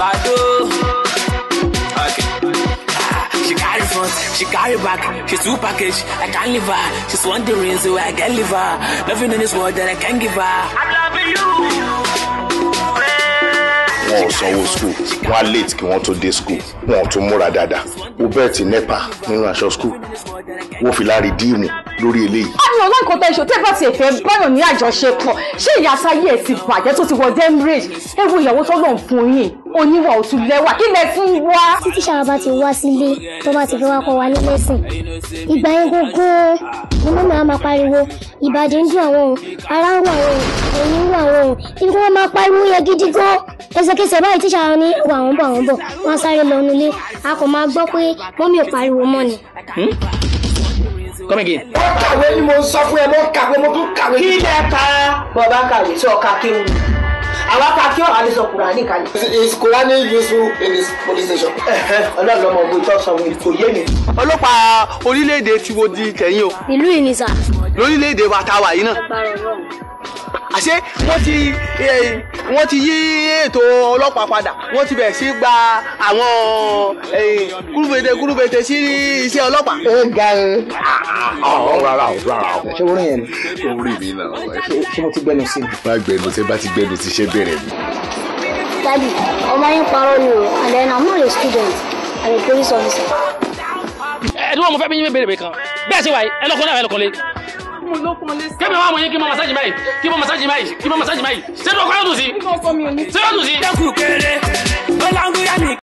Bado. Okay. Ah, she carry front, she carry back, she's two package. I can't leave her. She's wondering so I can leave her. Nothing in this world that I can give her. I'm loving you. wọn ò sanwó skul wọn á late kí wọn tó dé skul wọn ò tún múra dáadáa ó bẹ́ẹ̀ tí nepa nínú aṣọ skul wọ́n fi lárí díìmù lórí eléyìí mi ò láì kọ́ tẹ́ṣọ tẹ́ bá ti ẹ̀fẹ́ báyọ̀ ní àjọṣepọ̀ ṣé ìyáta yìí ẹ̀ ti bàjẹ́ tó ti wọ demrage ẹ wo ìyàwó tó lọ́n fún yín oníwà òtú lẹ́wà kí lẹ ti wá. títí sára bá ti wá sílé tó bá ti fi wá kọ́ wa nílé sìn ìgbà yẹn gbogbo ni mọ́mọ́ á máa pariwo ìbàdàn ń dùn àwọn òun ara ń wà òun èyí ń wà òun ibi wọ́n máa pariwo yẹn gidi gan ẹsẹ̀kẹsẹ̀ báyìí tíṣà wọn ní wà wọ́n bọ̀ wọ́n bọ̀ wọ́n sáré lọ nulẹ̀ a kò máa gbọ́ pé mọ́mí ò pariwo mọ́ ni. Hmm? come again. wọ́n kàwé ni mo sọ fún ẹ mo kàwé mo tún kàwé. kí lẹ ka bọ̀dá kàwé tí ọ̀ka kéwù àwa ká kí ọ̀hà lè sọ kùránì kalẹ̀. is Qur'an useful in this police station. ọlọ́run ọmọ ogun ìtọ́ sọ wọn kò yé mi. ọlọ́pàá orílẹ̀-èdè ti wo di tẹ̀yìn o. ìlú ìnìṣà. lórílẹ̀-èdè wa ta wà yìí náà. àṣé wọ́n ti wọ́n ti yí ètò ọlọ́pàá padà wọ́n ti bẹ̀rẹ̀ sí gba àwọn kúrúbete kúrúbete sí iṣẹ́ ọlọ́pàá. ó ga ẹ ọ̀hún rárá o rárá o. ṣé orin yẹn ni. orin mi náà. ṣé mo ti gbẹnu sí i. má gbẹnu tí bá ti gbẹnu ti ṣe bẹ̀rẹ̀ mi. dadi ọmọ yín parọ́ ni o and then i'm not a student i'm a police officer. ẹni wọn mo fẹ́ bí yín bẹ̀rẹ̀ kan bẹ́ẹ̀ ṣe wáyé ẹ lọ́kọ́ náà ẹ lọ́kọ́ lé mo ló kébì wàá mọ yín kí n mọ masaji báyìí kí n mọ masaji báyìí kí n mọ masaji báyìí ṣé ló kọ́ yóò dùn sí. ṣé yóò dùn sí. dẹ́kun